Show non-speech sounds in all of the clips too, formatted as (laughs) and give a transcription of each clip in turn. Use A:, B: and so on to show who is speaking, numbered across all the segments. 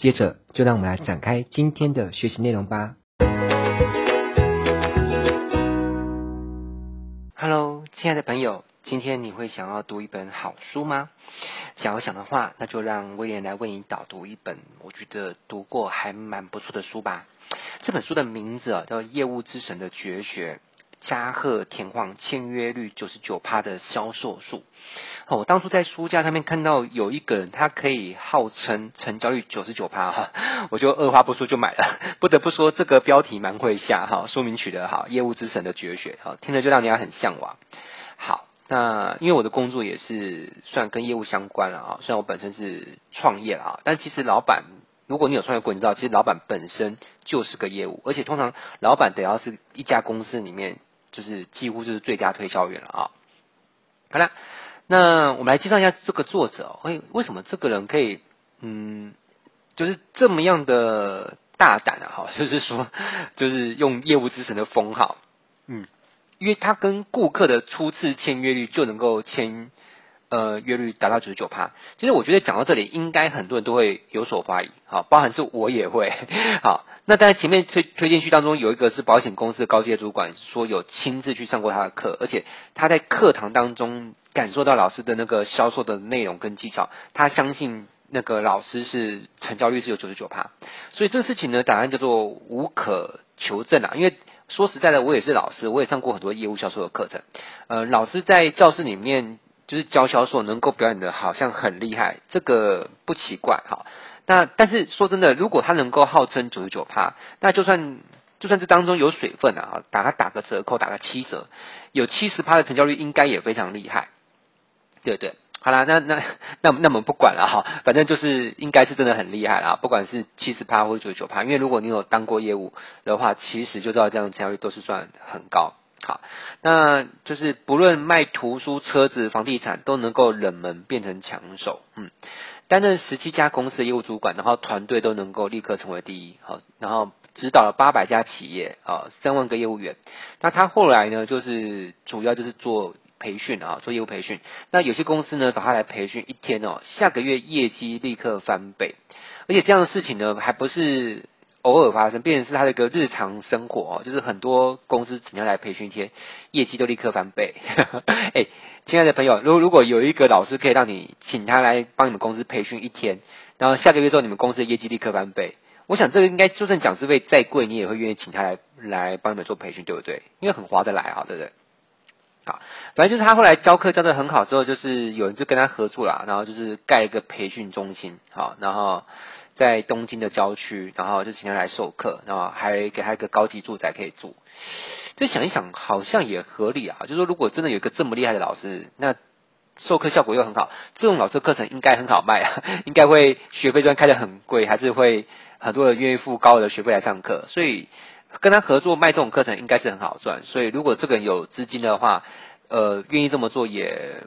A: 接着，就讓我們來展開今天的學習內容吧。Hello，親愛的朋友，今天你會想要讀一本好書嗎？想要想的話，那就讓威廉來為你導讀一本，我覺得讀過還蠻不錯的書吧。這本書的名字啊，叫《業務之神的絕學》。加賀田晃簽約率九十九趴的銷售數，哦，我當初在書架上面看到有一個人，他可以號稱成交率九十九趴。哈、啊，我就二話不說就買了。不得不說，這個標題蠻會下哈，說明取得哈，業務之神的絕學，好，聽了就讓人家很嚮往。好，那因為我的工作也是算跟業務相關了啊，雖然我本身是創業了啊，但其實老闆，如果你有創業過，你知道，其實老闆本身就是個業務，而且通常老闆得要是一家公司裡面。就是幾乎就是最佳推銷員了啊、哦！好了，那我們來介紹一下這個作者、哦。為為什麼這個人可以嗯，就是這麼樣的大膽啊？哈，就是說，就是用業務之神的封號，嗯，因為他跟顧客的初次簽約率就能夠簽。呃，月率達到九十九趴。其實我覺得講到這裡，應該很多人都會有所懷疑，好，包含是我也會。好，那大家前面推推薦序當中有一個是保險公司的高階主管，說有親自去上過他的課，而且他在課堂當中感受到老師的那個銷售的內容跟技巧，他相信那個老師是成交率是有九十九趴。所以這個事情呢，答案叫做無可求證啊，因為說實在的，我也是老師，我也上過很多業務銷售的課程，呃，老師在教室裡面。就是教銷售能夠表演得好像很厲害，這個不奇怪哈。那但是說真的，如果他能夠號稱九十九趴，那就算就算這當中有水分啊，打他打個折扣，打個七折，有七十趴的成交率應該也非常厲害，對不對？好啦，那那那那，那我們不管了哈，反正就是應該是真的很厲害啦。不管是七十趴或九十九趴，因為如果你有當過業務的話，其實就知道這樣成交率都是算很高。好，那就是不論賣圖書、車子、房地產，都能夠冷門變成搶手。嗯，擔任十七家公司的業務主管，然後團隊都能夠立刻成為第一。好，然後指導了八百家企業啊，三萬個業務員。那他後來呢，就是主要就是做培訓啊，做業務培訓。那有些公司呢找他來培訓，一天哦，啊，下個月業績立刻翻倍，而且這樣的事情呢，還不是。偶爾發生，變成是他的一個日常生活、喔，就是很多公司請他來培訓一天，業績都立刻翻倍。哎、 (laughs) 欸，親愛的朋友，如果如果有一個老師可以讓你請他來幫你們公司培訓一天，然後下個月之後你們公司的業績立刻翻倍，我想這個應該就算講師費再貴，你也會願意請他來來幫你們做培訓，對不對？因為很划得來啊、喔，對不對？好，反正就是他後來教課教得很好，之後就是有人就跟他合作了，然後就是蓋一個培訓中心，好，然後。在東京的郊區，然後就請他來授課，然後還給他一個高級住宅可以住。就想一想，好像也合理啊。就是說，如果真的有一個這麼厲害的老師，那授課效果又很好，這種老師的課程應該很好賣啊，應該會學費專開得很貴，還是會很多人願意付高額的學費來上課。所以跟他合作賣這種課程應該是很好賺。所以如果這個人有資金的話，呃，願意這麼做也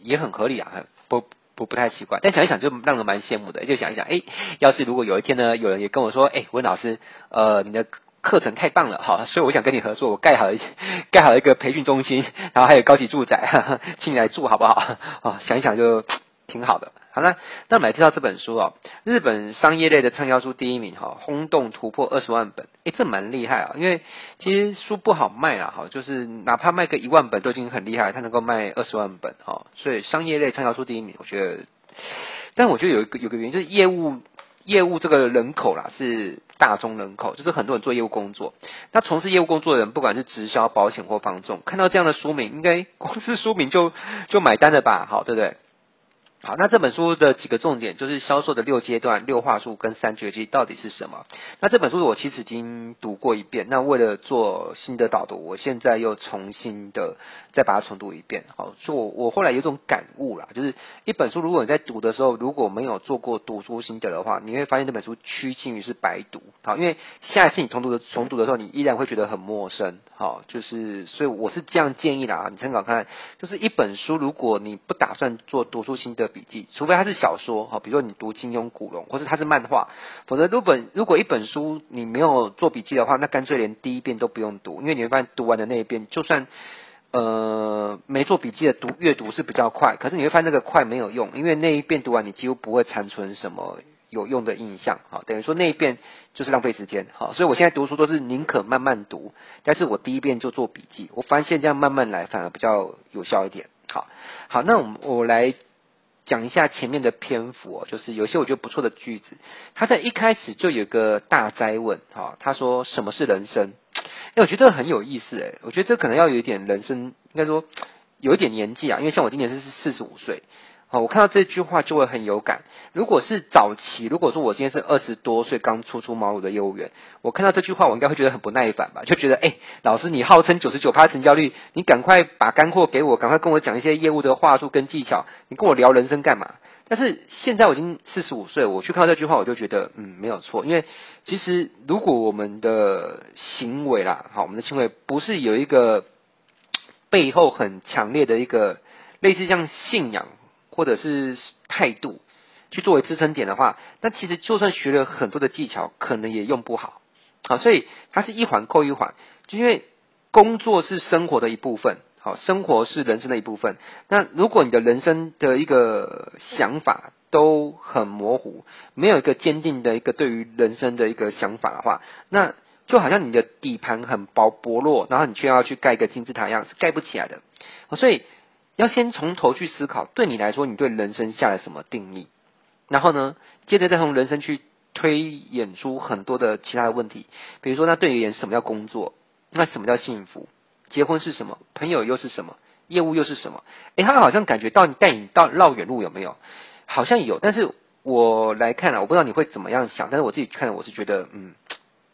A: 也很合理啊，不。不不太奇怪，但想一想就讓人蠻羨慕的。就想一想，哎，要是如果有一天呢，有人也跟我說，哎，溫老師，呃，你的課程太棒了，好，所以我想跟你合作，我蓋好蓋好一個培訓中心，然後還有高級住宅，哈哈，請你來住好不好？啊，想一想就挺好的。好，那那買提到這本書哦，日本商業類的暢銷書第一名哈、哦，轟動突破二十萬本，哎，欸，這蠻厲害啊，哦。因為其實書不好賣啦，哈，就是哪怕賣個一萬本都已經很厲害，他能夠賣二十萬本哈，哦，所以商業類暢銷書第一名，我覺得。但我覺得有一個有一個原因，就是業務業務這個人口啦，是大眾人口，就是很多人做業務工作，那從事業務工作的人，不管是直銷、保險或房仲，看到這樣的書名，應該光是書名就就買單了吧？好，對不對？好，那這本書的幾個重點，就是銷售的六階段、六話術跟三絕技到底是什麼？那這本書我其實已經讀過一遍，那為了做心得導讀，我現在又重新的再把它重讀一遍。好，所以我後來有種感悟啦，就是一本書如果你在讀的時候，如果沒有做過讀書心得的話，你會發現這本書趨近於是白讀。好，因為下一次你重讀的重讀的時候，你依然會覺得很陌生。好，就是所以我是這樣建議的啊，你參考看，就是一本書如果你不打算做讀書心得，筆記，除非它是小說，哈，比如說你讀金庸、古龍，或是它是漫畫，否則，如果一本如果一本書你沒有做筆記的話，那乾脆連第一遍都不用讀，因為你會發現讀完的那一遍，就算呃沒做筆記的讀閱讀是比較快，可是你會發現那個快沒有用，因為那一遍讀完你幾乎不會殘存什麼有用的印象，哈，等於說那一遍就是浪費時間，好，所以我現在讀書都是寧可慢慢讀，但是我第一遍就做筆記，我發現這樣慢慢來反而比較有效一點，好，好，那我我來講一下前面的篇幅，就是有些我覺得不錯的句子。他在一開始就有個大哉問哈，他說什麼是人生？哎、欸，我覺得這個很有意思。哎、欸，我覺得這可能要有一點人生，應該說有一點年紀啊，因為像我今年是四十五歲。好，我看到這句話就會很有感。如果是早期，如果說我今天是二十多歲剛初出茅廬的業務員，我看到這句話，我應該會覺得很不耐煩吧？就覺得，哎、欸，老師你號稱九十九趴成交率，你趕快把乾貨給我，趕快跟我講一些業務的話術跟技巧，你跟我聊人生幹嘛？但是現在我已經四十五歲，我去看到這句話，我就覺得，嗯，沒有錯。因為其實如果我們的行為啦，好，我們的行為不是有一個背後很強烈的一個類似像信仰。或者是態度去作為支撐點的話，那其實就算學了很多的技巧，可能也用不好。好，所以它是一環扣一環，就因為工作是生活的一部分，好，生活是人生的一部分。那如果你的人生的一個想法都很模糊，沒有一個堅定的一個對於人生的一個想法的話，那就好像你的底盤很薄薄弱，然後你卻要去蓋一個金字塔一樣，是蓋不起來的。所以。要先從頭去思考，對你來說，你對人生下了什麼定義？然後呢，接着再從人生去推演出很多的其他的問題。比如說，那對於人，什麼叫工作？那什麼叫幸福？結婚是什麼？朋友又是什麼？業務又是什麼？誒，他好像感覺到帶你到繞遠路，有沒有？好像有。但是我來看啊，我不知道你會怎麼樣想，但是我自己看，我是覺得，嗯，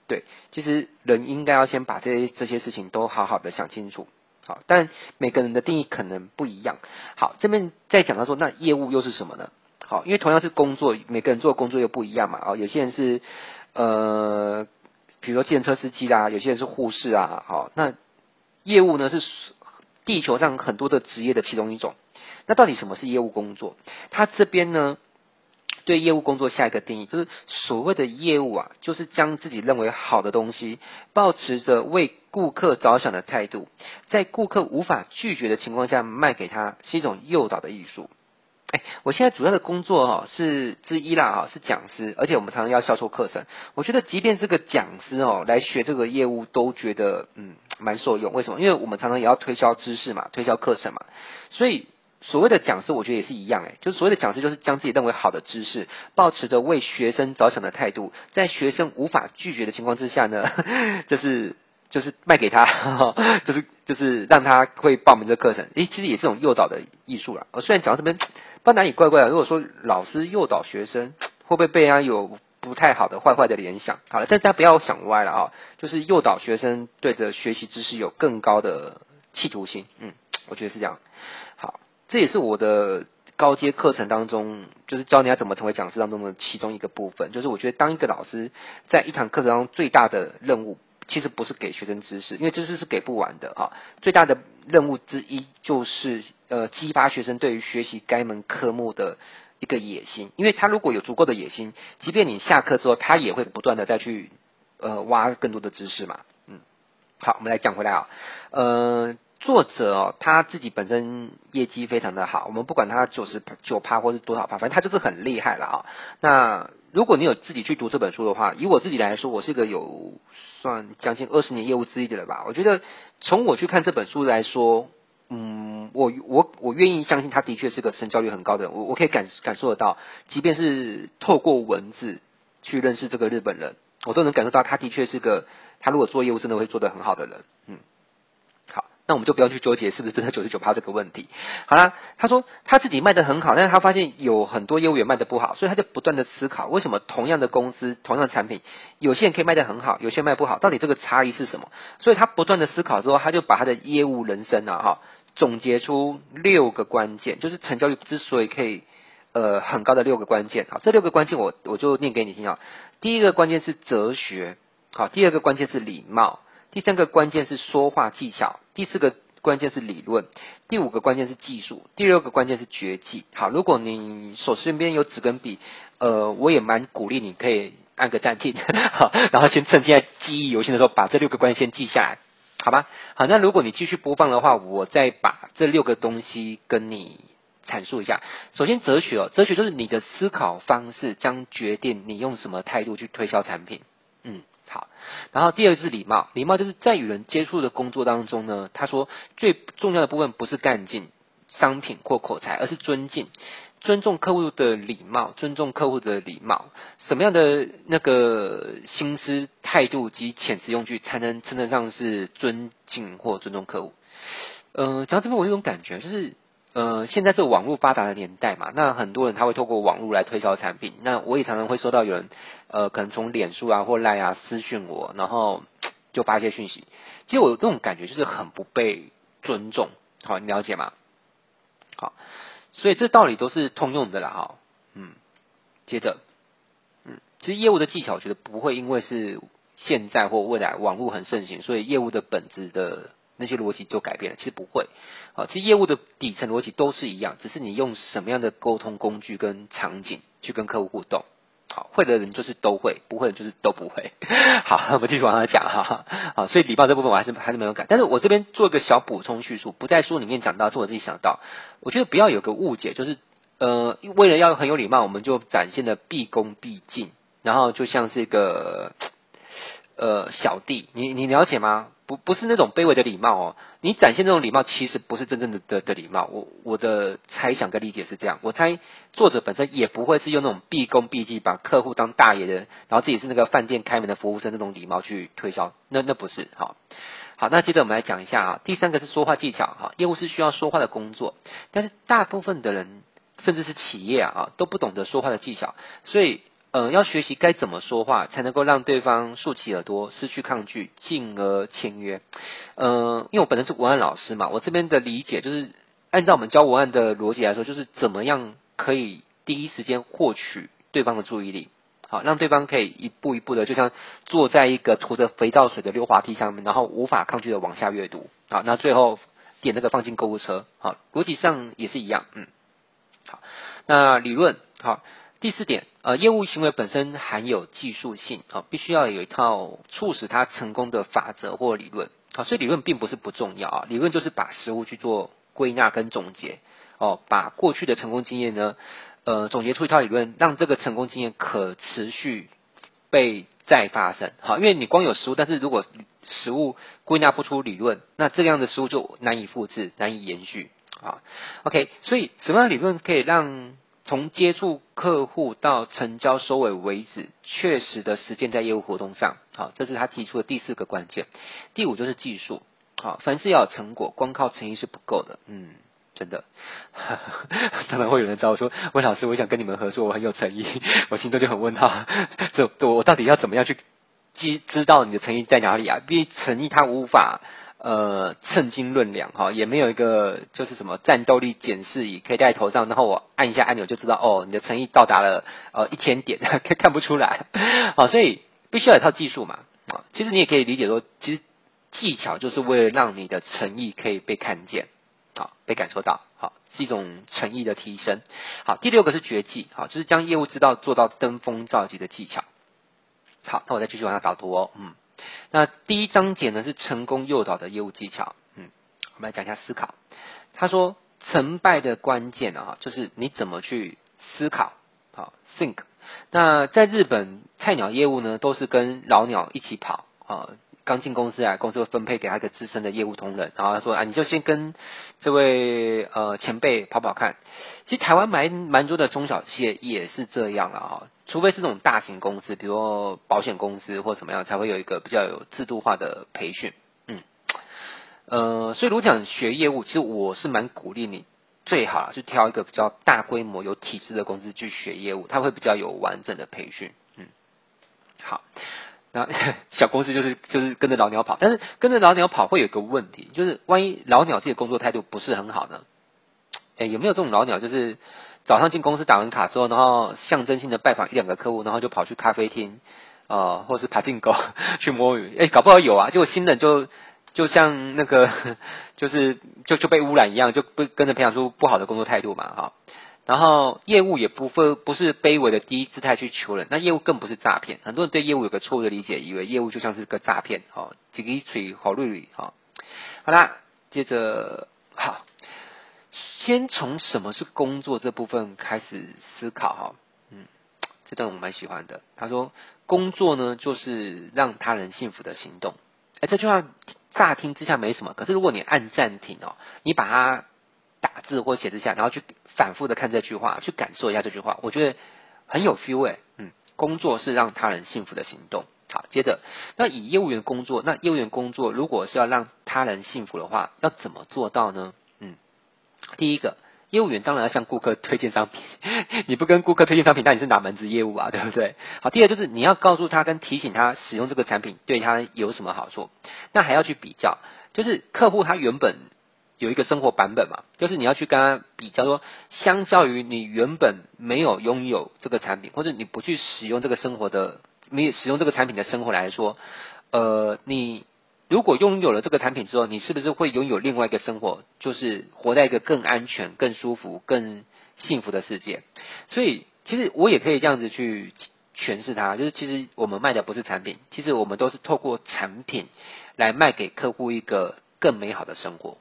A: 對，其實人應該要先把這這些事情都好好的想清楚。好，但每個人的定義可能不一樣。好，這邊再講到說，那業務又是什麼呢？好，因為同樣是工作，每個人做的工作又不一樣嘛。哦，有些人是呃，比如說計程車司機啦、啊，有些人是護士啊。好，那業務呢是地球上很多的職業的其中一種。那到底什麼是業務工作？他這邊呢？對業務工作下一個定義，就是所謂的業務啊，就是將自己認為好的東西，抱持著為顧客着想的態度，在顧客無法拒絕的情況下賣給他，是一種誘導的藝術。哎，我現在主要的工作哈、哦、是之一啦哈，是講師，而且我們常常要銷售課程。我覺得即便是個講師哦，來學這個業務都覺得嗯蠻受用。為什麼？因為我們常常也要推銷知識嘛，推銷課程嘛，所以。所謂的講師，我覺得也是一樣哎、欸，就所謂的講師，就是將自己認為好的知識，抱持着為學生着想的態度，在學生無法拒絕的情況之下呢，就是就是賣給他，呵呵就是就是讓他會報名這課程。哎、欸，其實也是一種誘導的藝術了、啊。我、哦、雖然講到這邊，不然哪裡怪怪的、啊。如果說老師誘導學生，會不會被他有不太好的、壞壞的聯想？好了，但大家不要想歪了啊、哦，就是誘導學生對着學習知識有更高的企圖心。嗯，我覺得是這樣。好。這也是我的高階課程當中，就是教你要怎麼成為講師當中的其中一個部分。就是我覺得當一個老師，在一堂課程當中最大的任務，其實不是給學生知識，因為知識是給不完的啊、哦。最大的任務之一就是，呃，激發學生對於學習該門科目的一個野心。因為他如果有足夠的野心，即便你下課之後，他也會不斷的再去，呃，挖更多的知識嘛。嗯，好，我們來講回來啊、哦，呃。作者哦，他自己本身業績非常的好，我們不管他九十九趴或是多少趴，反正他就是很厲害了啊哦。那如果你有自己去讀這本書的話，以我自己來說，我是個有算將近二十年業務資歷的人吧。我覺得從我去看這本書來說，嗯，我我我願意相信他的確是個成交率很高的人。我我可以感感受得到，即便是透過文字去認識這個日本人，我都能感受到他的確是個他如果做業務真的會做得很好的人，嗯。那我們就不用去糾結是不是真的九十九趴這個問題。好啦，他說他自己賣得很好，但是他發現有很多業務員賣得不好，所以他就不斷地思考，為什麼同樣的公司、同樣的產品，有些人可以賣得很好，有些人賣不好，到底這個差異是什麼？所以他不斷地思考之後，他就把他的業務人生啊，哈、哦，總結出六個關鍵，就是成交率之所以可以呃很高的六個關鍵。好、哦，這六個關鍵我我就念給你聽啊、哦。第一個關鍵是哲學，好、哦，第二個關鍵是禮貌，第三個關鍵是說話技巧。第四個關鍵是理論，第五個關鍵是技術，第六個關鍵是絕技。好，如果你手身邊有紙跟筆，呃，我也蠻鼓勵你可以按個暫停，好，然後先趁現在記憶猶新的時候，把這六個關鍵先記下來，好吧？好，那如果你繼續播放的話，我再把這六個東西跟你闡述一下。首先，哲學哦，哲學就是你的思考方式將決定你用什麼態度去推銷產品，嗯。好，然後第二是禮貌，禮貌就是在與人接觸的工作當中呢，他說最重要的部分不是幹勁、商品或口才，而是尊敬、尊重客戶的禮貌、尊重客戶的禮貌，什麼樣的那個心思、態度及遣詞用句才能稱得上是尊敬或尊重客戶？呃，講到這邊我有一種感覺就是。呃，現在是網絡發達的年代嘛，那很多人他會透過網絡來推銷產品。那我也常常會收到有人，呃，可能從臉書啊或 Line 啊私訊我，然後就發一些訊息。其實我有這種感覺，就是很不被尊重。好，你了解嗎？好，所以這道理都是通用的啦，哈。嗯，接着，嗯，其實業務的技巧，我覺得不會因為是現在或未來網絡很盛行，所以業務的本質的。那些邏輯就改變了，其實不會。好，其實業務的底層邏輯都是一樣，只是你用什麼樣的溝通工具跟場景去跟客戶互動。好，會的人就是都會，不會的就是都不會。好，我們繼續往下講哈。好，所以禮貌這部分我還是還是沒有改，但是我這邊做一個小補充敘述，不在書裡面講到，是我自己想到。我覺得不要有個誤解，就是呃，為了要很有禮貌，我們就展現的畢恭畢敬，然後就像是一個呃小弟，你你了解嗎？不不是那種卑微的禮貌哦，你展現這種禮貌其實不是真正的的的禮貌。我我的猜想跟理解是這樣，我猜作者本身也不會是用那種畢恭畢敬把客戶當大爺的，然後自己是那個飯店開門的服務生那種禮貌去推銷，那那不是好、哦。好，那接着我們來講一下啊，第三個是說話技巧哈，業務是需要說話的工作，但是大部分的人甚至是企業啊都不懂得說話的技巧，所以。嗯、呃，要學習該怎麼說話才能夠讓對方豎起耳朵，失去抗拒，進而簽約。嗯、呃，因為我本身是文案老師嘛，我這邊的理解就是按照我們教文案的邏輯來說，就是怎麼樣可以第一時間獲取對方的注意力，好，讓對方可以一步一步的，就像坐在一個塗着肥皂水的溜滑梯上面，然後無法抗拒的往下閱讀，好，那最後點那個放進購物車，好，邏輯上也是一樣，嗯，好，那理論，好。第四點，呃，業務行為本身含有技術性啊、哦，必須要有一套促使它成功的法則或理論啊、哦，所以理論並不是不重要啊，理論就是把實務去做歸納跟總結哦，把過去的成功經驗呢，呃，總結出一套理論，讓這個成功經驗可持續被再發生哈、哦，因為你光有實務，但是如果實務歸納不出理論，那這樣的實務就難以複製，難以延續啊、哦。OK，所以什麼樣的理論可以讓？從接觸客戶到成交收尾為止，確實的實踐在業務活動上。好，這是他提出的第四個關鍵。第五就是技術。好，凡事要有成果，光靠誠意是不夠的。嗯，真的，當然會有人找我說：“溫老師，我想跟你們合作，我很有誠意。”我心中就很問他：「這我到底要怎麼樣去知知道你的誠意在哪裡啊？因為誠意它無法。呃，稱斤論兩哈，也沒有一個就是什麼戰鬥力檢視儀可以戴在頭上，然後我按一下按鈕就知道哦，你的誠意到達了呃一千點，看不出來。好，所以必須要有一套技術嘛，啊，其實你也可以理解說，其實技巧就是為了讓你的誠意可以被看見，好，被感受到，好，是一種誠意的提升。好，第六個是絕技，好，就是將業務之道做到登峰造極的技巧。好，那我再繼續往下導圖哦，嗯。那第一章節呢是成功誘導的業務技巧，嗯，我們來講一下思考。他說，成敗的關鍵啊，就是你怎麼去思考，好，啊，think。那在日本，菜鳥業務呢都是跟老鳥一起跑，啊。剛進公司啊，公司會分配給他一個資深的業務同仁，然後他說：“啊，你就先跟這位呃前輩跑跑看。”其實台灣蠻蠻多的中小企業也是這樣啊，哦，除非是那種大型公司，比如說保險公司或怎麼樣，才會有一個比較有制度化的培訓。嗯，呃，所以如果講學業務，其實我是蠻鼓勵你，最好去挑一個比較大規模有體制的公司去學業務，它會比較有完整的培訓。嗯，好。小公司就是就是跟着老鳥跑，但是跟着老鳥跑會有一個問題，就是萬一老鳥自己的工作態度不是很好呢？哎，有沒有這種老鳥，就是早上進公司打完卡之後，然後象徵性的拜訪一兩個客戶，然後就跑去咖啡廳啊、呃，或是爬進溝去摸魚？哎，搞不好有啊，就新人就就像那個，就是就就被污染一樣，就不跟着培養出不好的工作態度嘛，哈、哦。然後業務也不分不是卑微的低姿態去求人，那業務更不是詐騙。很多人對業務有個錯誤的理解，以為業務就像是個詐騙哦，幾吹好瑞瑞哈、哦。好啦，接着好，先從什麼是工作這部分開始思考哈、哦。嗯，這段我蠻喜歡的。他說，工作呢就是讓他人幸福的行動。哎，這句話乍聽之下沒什麼，可是如果你按暫停哦，你把它。打字或寫字下，然後去反復的看這句話，去感受一下這句話，我覺得很有 feel，欸。嗯，工作是讓他人幸福的行動。好，接着，那以業務員工作，那業務員工作如果是要讓他人幸福的話，要怎麼做到呢？嗯，第一個，業務員當然要向顧客推薦商品， (laughs) 你不跟顧客推薦商品，那你是哪門子業務啊？對不對？好，第二就是你要告訴他跟提醒他使用這個產品對他有什麼好處，那還要去比較，就是客戶他原本。有一個生活版本嘛，就是你要去跟他比較說相較於你原本沒有擁有這個產品，或者你不去使用這個生活的，沒有使用這個產品的生活來說，呃，你如果擁有了這個產品之後，你是不是會擁有另外一個生活，就是活在一個更安全、更舒服、更幸福的世界？所以，其實我也可以這樣子去詮釋它，就是其實我們賣的不是產品，其實我們都是透過產品來賣給客戶一個更美好的生活。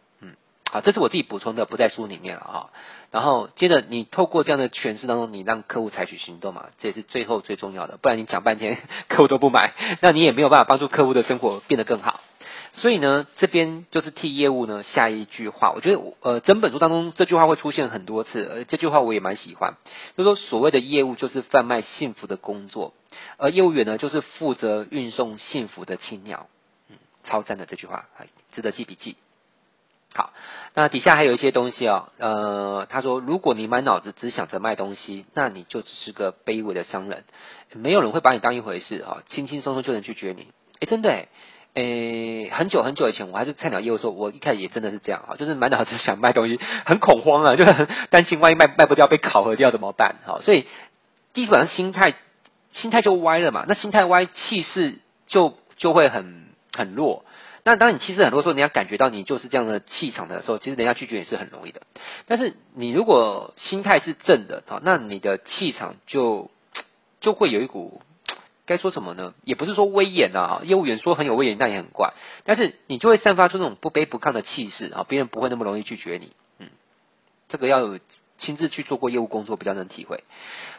A: 好，這是我自己補充的，不在書裡面了哈。然後接着你透過這樣的詮釋當中，你讓客戶採取行動嘛，這也是最後最重要的。不然你講半天，客戶都不買，那你也沒有辦法幫助客戶的生活變得更好。所以呢，這邊就是替業務呢下一句話，我覺得呃，整本書當中這句話會出現很多次，而、呃、這句話我也蠻喜歡，就說所謂的業務就是販賣幸福的工作，而業務員呢就是負責運送幸福的青鳥。嗯，超讚的這句話，還值得記筆記。好，那底下還有一些東西哦，呃，他說，如果你滿腦子只想着賣東西，那你就只是個卑微的商人，沒有人會把你當一回事哈、哦，輕輕鬆鬆就能拒絕你。哎，真的，哎，很久很久以前，我還是菜鳥業務時候，我一開始也真的是這樣哈，就是滿腦子想賣東西，很恐慌啊，就很擔心萬一賣賣，賣不掉被考核掉怎麼辦？好，所以基本上心態心態就歪了嘛，那心態歪，氣勢就就會很很弱。那當你其實很多時候，人家感覺到你就是這樣的氣場的時候，其實人家拒絕也是很容易的。但是你如果心態是正的啊，那你的氣場就就會有一股，該說什麼呢？也不是說威嚴啊，業務員說很有威嚴，那也很怪。但是你就會散發出那種不卑不亢的氣勢啊，別人不會那麼容易拒絕你。嗯，這個要有親自去做過業務工作比較能體會。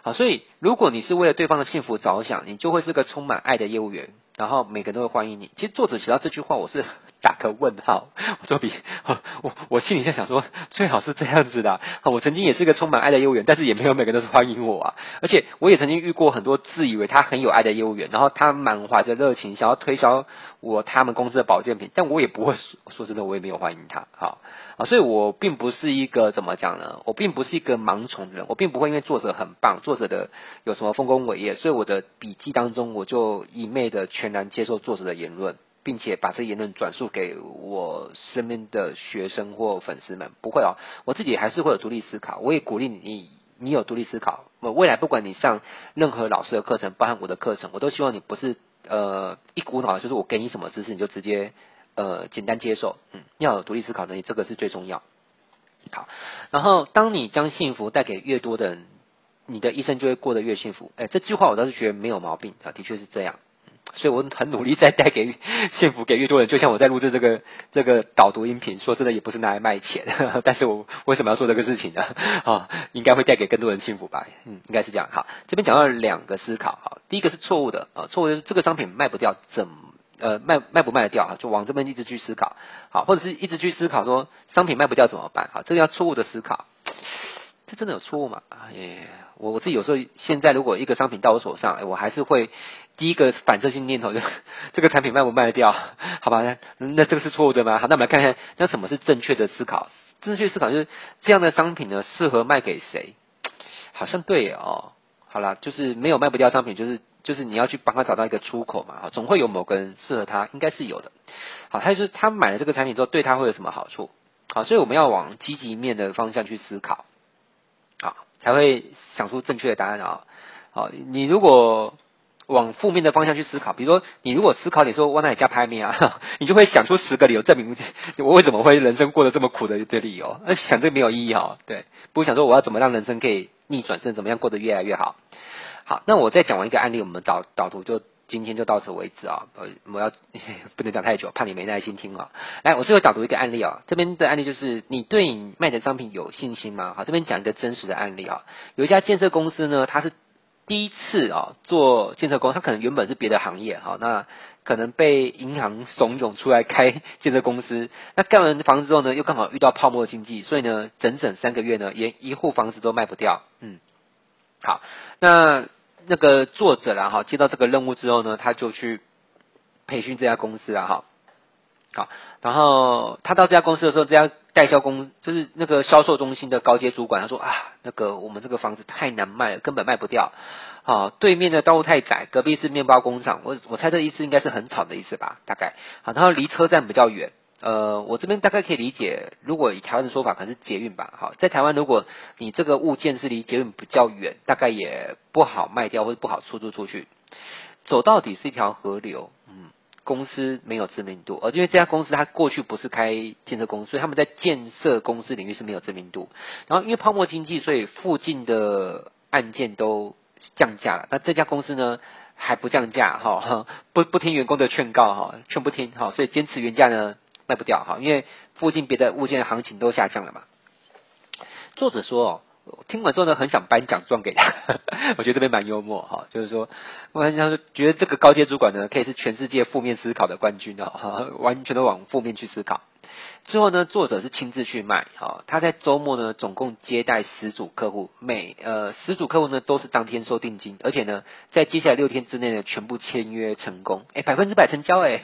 A: 好，所以如果你是為了對方的幸福着想，你就會是個充滿愛的業務員。然後每個人都會歡迎你。其實作者寫到這句話，我是打個問號。我做筆，我我心裡在想說，最好是這樣子的。我曾經也是一個充滿愛的業務員，但是也沒有每個人都是歡迎我啊。而且我也曾經遇過很多自以為他很有愛的業務員，然後他滿懷着熱情想要推銷我他們公司的保健品，但我也不會說，說真的，我也沒有歡迎他。好，啊，所以我並不是一個怎麼講呢？我並不是一個盲從的人，我並不會因為作者很棒，作者的有什麼豐功偉業，所以我的筆記當中我就一昧的全。很難接受作者的言論，並且把這言論轉述給我身邊的學生或粉絲們。不會哦，我自己還是會有獨立思考。我也鼓勵你，你有獨立思考。我未來不管你上任何老師的課程，包含我的課程，我都希望你不是呃一股腦就是我給你什麼知識你就直接呃簡單接受。嗯，要有獨立思考能力，這個是最重要。好，然後當你將幸福帶給越多的人，你的一生就會過得越幸福。誒，這句話我倒是覺得沒有毛病啊，的確是這樣。所以我很努力在帶給幸福給越多人，就像我在錄制這個這個導讀音頻，說真的也不是拿來賣錢，但是我為什麼要做這個事情呢？啊，應該會帶給更多人幸福吧？嗯，應該是這樣。好，這邊講到兩個思考，好，第一個是錯誤的，啊，錯誤就是這個商品賣不掉，怎呃賣賣不賣得掉哈，就往這邊一直去思考，好，或者是一直去思考說商品賣不掉怎麼辦？哈，這個要錯誤的思考，這真的有錯誤嗎？哎，我我自己有時候現在如果一個商品到我手上，我還是會。第一個反射性念頭就是這個產品賣不賣得掉？好吧，那那這個是錯誤對嗎？好，那我們來看看，那什麼是正確的思考？正確的思考就是這樣的商品呢，適合賣給誰？好像對哦。好啦，就是沒有賣不掉商品，就是就是你要去幫他找到一個出口嘛。總會有某個人適合他，應該是有的。好，他就是他買了這個產品之後，對他會有什麼好處？好，所以我們要往積極面的方向去思考，好，才會想出正確的答案啊。好，你如果。往負面的方向去思考，比如說，你如果思考你說我那也加派面啊，你就會想出十個理由證明我為什麼會人生過得這麼苦的這理由，想這沒有意義哦。對，不想說我要怎麼讓人生可以逆轉，是怎麼樣過得越來越好。好，那我再講完一個案例，我們導導圖就今天就到此為止啊。呃，我要不能講太久，怕你沒耐心聽啊、哦。來，我最後導圖一個案例啊、哦，這邊的案例就是你對你賣的商品有信心嗎？好，這邊講一個真實的案例啊、哦，有一家建設公司呢，它是。第一次啊、哦，做建設工，他可能原本是別的行業哈，那可能被銀行慫恿出來開建設公司，那蓋完房子之後呢，又剛好遇到泡沫經濟，所以呢，整整三個月呢，連一戶房子都賣不掉，嗯，好，那那個作者然後接到這個任務之後呢，他就去培訓這家公司啦。哈。好，然後他到這家公司的時候，這家代銷公司就是那個銷售中心的高階主管，他說啊，那個我們這個房子太難賣了，根本賣不掉。好，對面的道路太窄，隔壁是麵包工廠，我我猜這意思應該是很吵的意思吧，大概。好，然後離車站比較遠。呃，我這邊大概可以理解，如果以台灣的說法，可能是捷運吧。好，在台灣，如果你這個物件是離捷運比較遠，大概也不好賣掉或者不好出租出去。走到底是一條河流，嗯。公司沒有知名度，而因為這家公司它過去不是開建設公司，所以他們在建設公司領域是沒有知名度。然後因為泡沫經濟，所以附近的案件都降價了。那這家公司呢還不降價哈，不不聽員工的勸告哈，勸不聽哈，所以堅持原價呢賣不掉哈，因為附近別的物件行情都下降了嘛。作者說哦。聽完之後呢，很想頒獎狀給他， (laughs) 我覺得這邊蠻幽默哈、哦。就是說，我好像說，覺得這個高階主管呢，可以是全世界負面思考的冠軍哦，完全都往負面去思考。最後呢，作者是親自去賣、哦、他在周末呢，總共接待十組客戶，每呃十組客戶呢，都是當天收定金，而且呢，在接下來六天之內呢，全部簽約成功，哎，百分之百成交哎。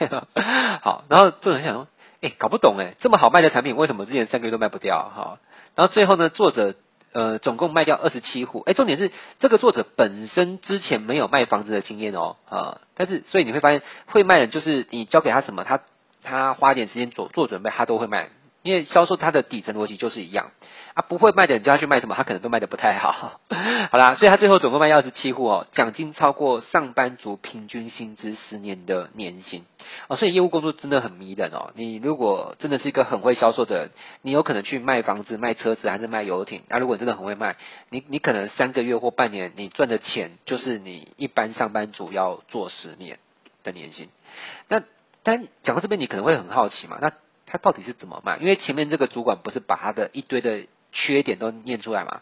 A: 好，然後作者想說，哎，搞不懂哎，這麼好賣的產品，為什麼之前三個月都賣不掉？哦、然後最後呢，作者。呃，總共賣掉二十七戶。哎、欸，重點是這個作者本身之前沒有賣房子的經驗哦，啊、呃，但是所以你會發現會賣的就是你教給他什麼，他他花一點時間做做準備，他都會賣。因為銷售它的底層邏輯就是一樣，啊，不會賣的人叫他去賣什麼，他可能都賣得不太好， (laughs) 好啦，所以他最後總共賣二十七戶哦，獎金超過上班族平均薪資十年的年薪哦，所以業務工作真的很迷人哦。你如果真的是一個很會銷售的人，你有可能去賣房子、賣車子還是賣遊艇，啊，如果真的很會賣，你你可能三個月或半年，你賺的錢就是你一般上班族要做十年的年薪。那但講到這邊，你可能會很好奇嘛，那。他到底是怎麼賣？因為前面這個主管不是把他的一堆的缺點都念出來嘛，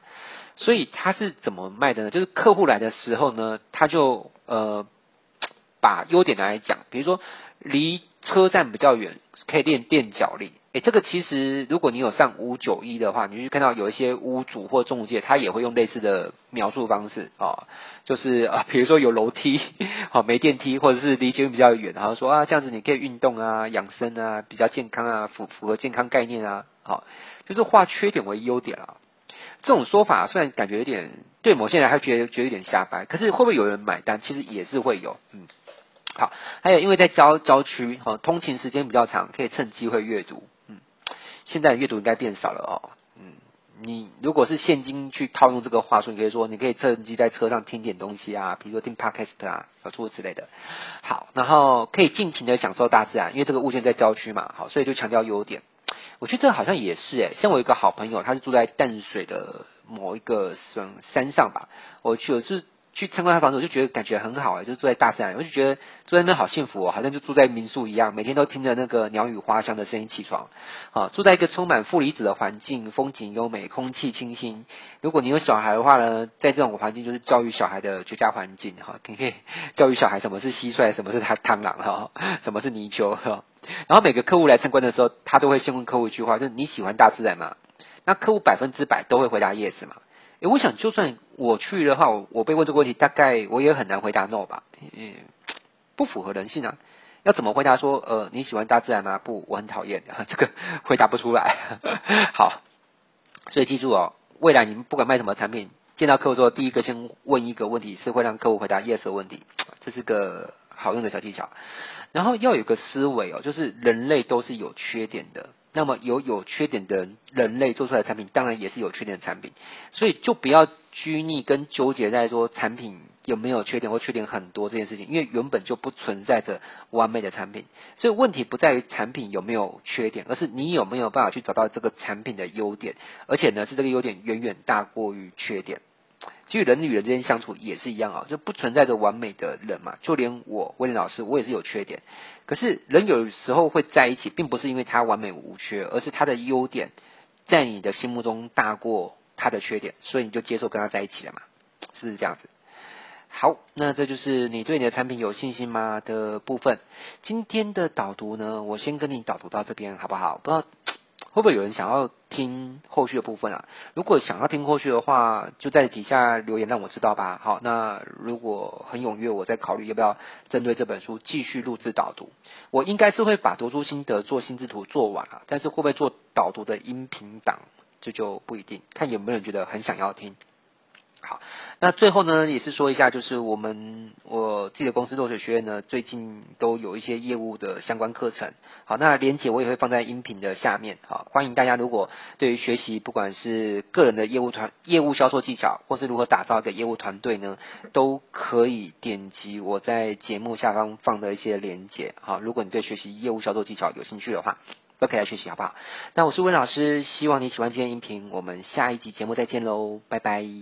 A: 所以他是怎麼賣的呢？就是客戶來的時候呢，他就呃把優點拿來講，比如說離車站比較遠，可以練墊腳力。欸，這個其實如果你有上五九一的話，你就看到有一些屋主或中介，他也會用類似的描述方式哦，就是啊，比如說有樓梯，好、哦、沒電梯，或者是離街比較遠，然後說啊，這樣子你可以運動啊、養生啊、比較健康啊，符符合健康概念啊，好、哦，就是化缺點為優點啊。這種說法雖然感覺有點對某些人還覺得覺得有點瞎掰，可是會不會有人買單？其實也是會有，嗯，好，還有因為在郊郊區，好、哦、通勤時間比較長，可以趁機會閱讀。現在的閱讀應該變少了哦，嗯，你如果是現金去套用這個話術，你可以說，你可以趁機在車上聽點東西啊，比如說聽 podcast 啊，諸如此類的。好，然後可以盡情的享受大自然、啊，因為這個物件在郊區嘛，好，所以就強調優點。我覺得這個好像也是哎、欸，像我有一個好朋友，他是住在淡水的某一個山上吧，我去，我是。去參觀他房子，我就覺得感覺很好啊，就住在大自然，我就覺得住在那好幸福哦，好像就住在民宿一樣，每天都聽着那個鳥語花香的聲音起床，好，住在一個充滿負離子的環境，風景優美，空氣清新。如果你有小孩的話呢，在這種環境就是教育小孩的絕佳環境哈，你可以教育小孩什麼是蟋蟀，什麼是他螳螂哈，什麼是泥鰍哈。然後每個客戶來參觀的時候，他都會先問客戶一句話，就是你喜歡大自然嗎？那客戶百分之百都會回答 yes 嘛。誒，我想就算我去的話，我被問這個問題，大概我也很難回答 no 吧，嗯、不符合人性啊。要怎麼回答說，呃，你喜歡大自然嗎？不，我很討厭，這個回答不出來。好，所以記住哦，未來你們不管賣什麼產品，見到客戶之後，第一個先問一個問題是會讓客戶回答 yes 的問題，這是個好用的小技巧。然後要有個思維哦，就是人類都是有缺點的。那麼有有缺點的人人類做出來的產品，當然也是有缺點的產品，所以就不要拘泥跟糾結在說產品有沒有缺點或缺點很多這件事情，因為原本就不存在着完美的產品，所以問題不在於產品有沒有缺點，而是你有沒有辦法去找到這個產品的優點，而且呢，是這個優點遠遠大過於缺點。其實人與人之間相處也是一樣啊、哦，就不存在着完美的人嘛，就連我威廉老師，我也是有缺點。可是人有時候會在一起，並不是因為他完美無缺，而是他的優點在你的心目中大過他的缺點，所以你就接受跟他在一起了嘛，是不是這樣子？好，那這就是你對你的產品有信心嗎的部分。今天的導讀呢，我先跟你導讀到這邊好不好？不知道。會不會有人想要聽後續的部分啊？如果想要聽後續的話，就在底下留言讓我知道吧。好，那如果很踴躍，我再考慮要不要針對這本書繼續錄制導讀。我應該是會把讀書心得做心智圖做完啊，但是會不會做導讀的音頻檔，這就，就不一定，看有沒有人覺得很想要聽。好，那最後呢，也是說一下，就是我們我自己的公司落水學院呢，最近都有一些業務的相關課程。好，那鏈接我也會放在音頻的下面。好，歡迎大家如果對於學習，不管是個人的業務團業務銷售技巧，或是如何打造一個業務團隊呢，都可以點擊我在節目下方放的一些鏈接。好，如果你對學習業務銷售技巧有興趣的話都可以來學習好不好？那我是溫老師，希望你喜歡今天音頻，我們下一集節目再見嘍，拜拜。